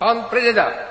Pan prezident.